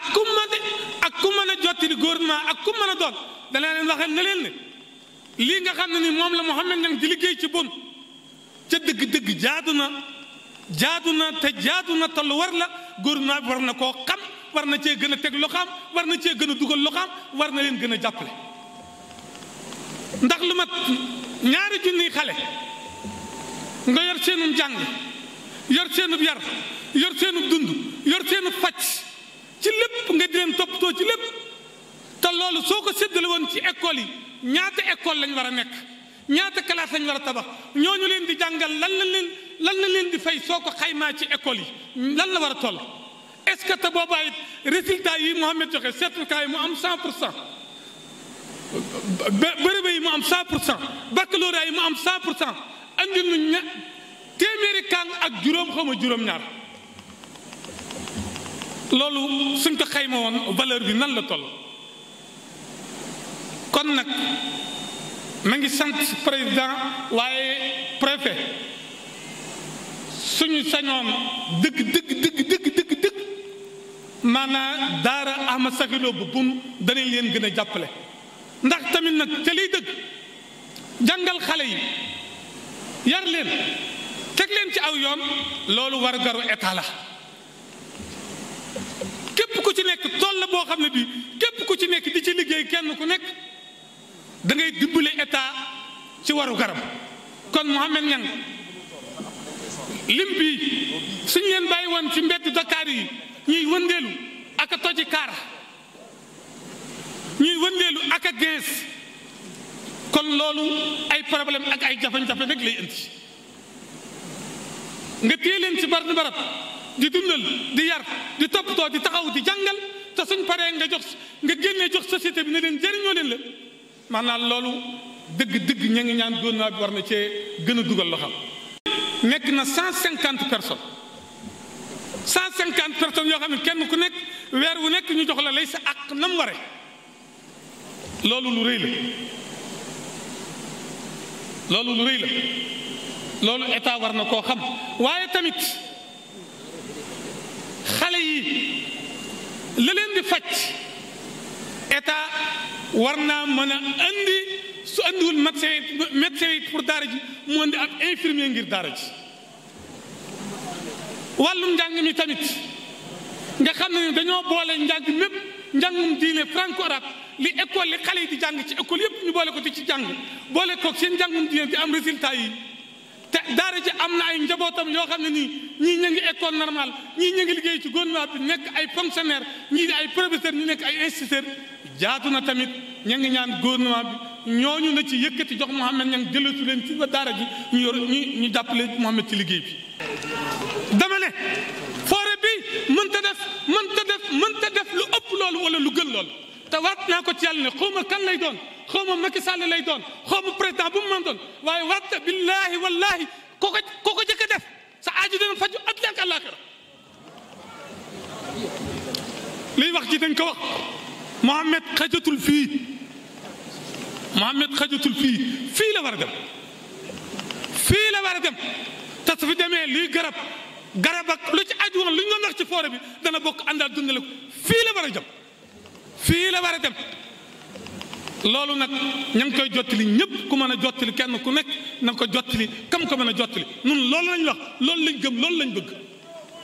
ak ku mën ak ku mën a jottali gouvernement ak ku mën a doon danaa leen waxee ne leen ne lii nga xam ne ni moom la Mouhamed Niang di liggéey ci bon ca dëgg-dëgg jaadu na jaadu na te jaadu na te war la gouvernement bi war na koo xam war na cee gën a teg loxaam war na cee gën a dugal loxaam war na leen gën a jàppale ndax lu mat ñaari junniy xale nga yor seenum jàng yor seenub yar yor seenub dund yor seenub faj di leen ci lépp te loolu soo ko séddale woon ci école yi ñaata école lañ war a nekk ñaata classe lañ war a tabax ñooñu leen di jàngal lan la leen lan la leen di fay soo ko xaymaa ci école yi lan la war a toll est-ce que te boobaa it résultat yi Mouhamed joxe certificat yi mu am 100 pour cent bërëb yi mu am 100 pour cent yi mu am 100 pour cent andil ñu ña téeméeri ak juróom xaw ma juróom-ñaar. loolu suñ ko xayma woon valeur bi nan la toll kon nag ma ngi sant président waaye préfet suñu sañoon dëgg dëgg dëgg dëgg dëgg maanaa daara ama safiloo bu bun danañ leen gën a jàppale ndax tamit nag te liy dëgg jàngal xale yi yar leen teg leen ci aw yoon loolu war garu état la xam ne bi képp ku ci nekk di ci liggéey kenn ku nekk da ngay dimbale état ci waru garab kon Mouhamed Niang lim bi suñ leen bàyyi woon ci mbedd dakaar yi ñuy wëndeelu ak a toji kaar ñuy wëndeelu ak a kon loolu ay problème ak ay jafe-jafe rek lay indi nga téye leen ci barab di dundal di yar di toppatoo di taxaw di jàngal waaye nga jox nga génnee jox société bi ne leen jëriñoo leen la maanaam loolu dëgg dëgg ña ngi ñaan gouvernement bi war na cee gën a dugal loxam nekk na cent cinquante personnes cent cinquante personnes yoo xam ne kenn ku nekk weer wu nekk ñu jox la lay sa ak nam ware loolu lu rëy la loolu lu rëy la loolu état war na koo xam waaye tamit la leen di faj état war naa mën a su andiwul médecin médecin yi pour daara ji moo mu andi ab infirmier ngir daara ji wàllum njàng mi tamit nga xam ne dañoo boole njàng mépp njàngum diine franco arabe li école li xale yi di jàng ci école yépp ñu boole ko di ci jàng boole koog seen njàngum diine di am résultat yi daara ji am na ay njabootam yoo xam ne nii ñii ñu ngi école normale ñii ñu ngi liggéey ci gouvernement bi nekk ay fonctionnaire ñii di ay professeur ñu nekk ay instituteur jaatu na tamit ñu ngi ñaan gouvernement bi ñooñu na ci yëkkati jox Mouhamed ña ngi jëlatu leen ci ba daara ji ñu yor ñu ñu jàppale Mouhamed ci liggéey bi dama ne foore bi mënta def mënta def def lu ëpp loolu wala lu gën lool te waat naa ko ci yàlla ne xawma kan lay doon xaw ma Macky Sall lay doon xaw ma président bu mu mën doon waaye waat billaahi wallaahi ko koo ko jëkk a def sa aaju dana faju àddina ak àllaaxira liy wax ji dañ ko wax Mohamed xajatul fii Mohamed xajatul fii fii la war a dem fii la war a dem te su fi demee lii garab garab ak ci aju woon lu ñu ci foore bi dana bokk àndaal dundale ko fii la war a jëm fii la war a dem loolu nag ña ngi koy jottali ñëpp ku mën a jottali kenn ku nekk na nga ko jottali kam ko mën a jottali nun loolu lañ wax loolu lañ gëm loolu lañ bëgg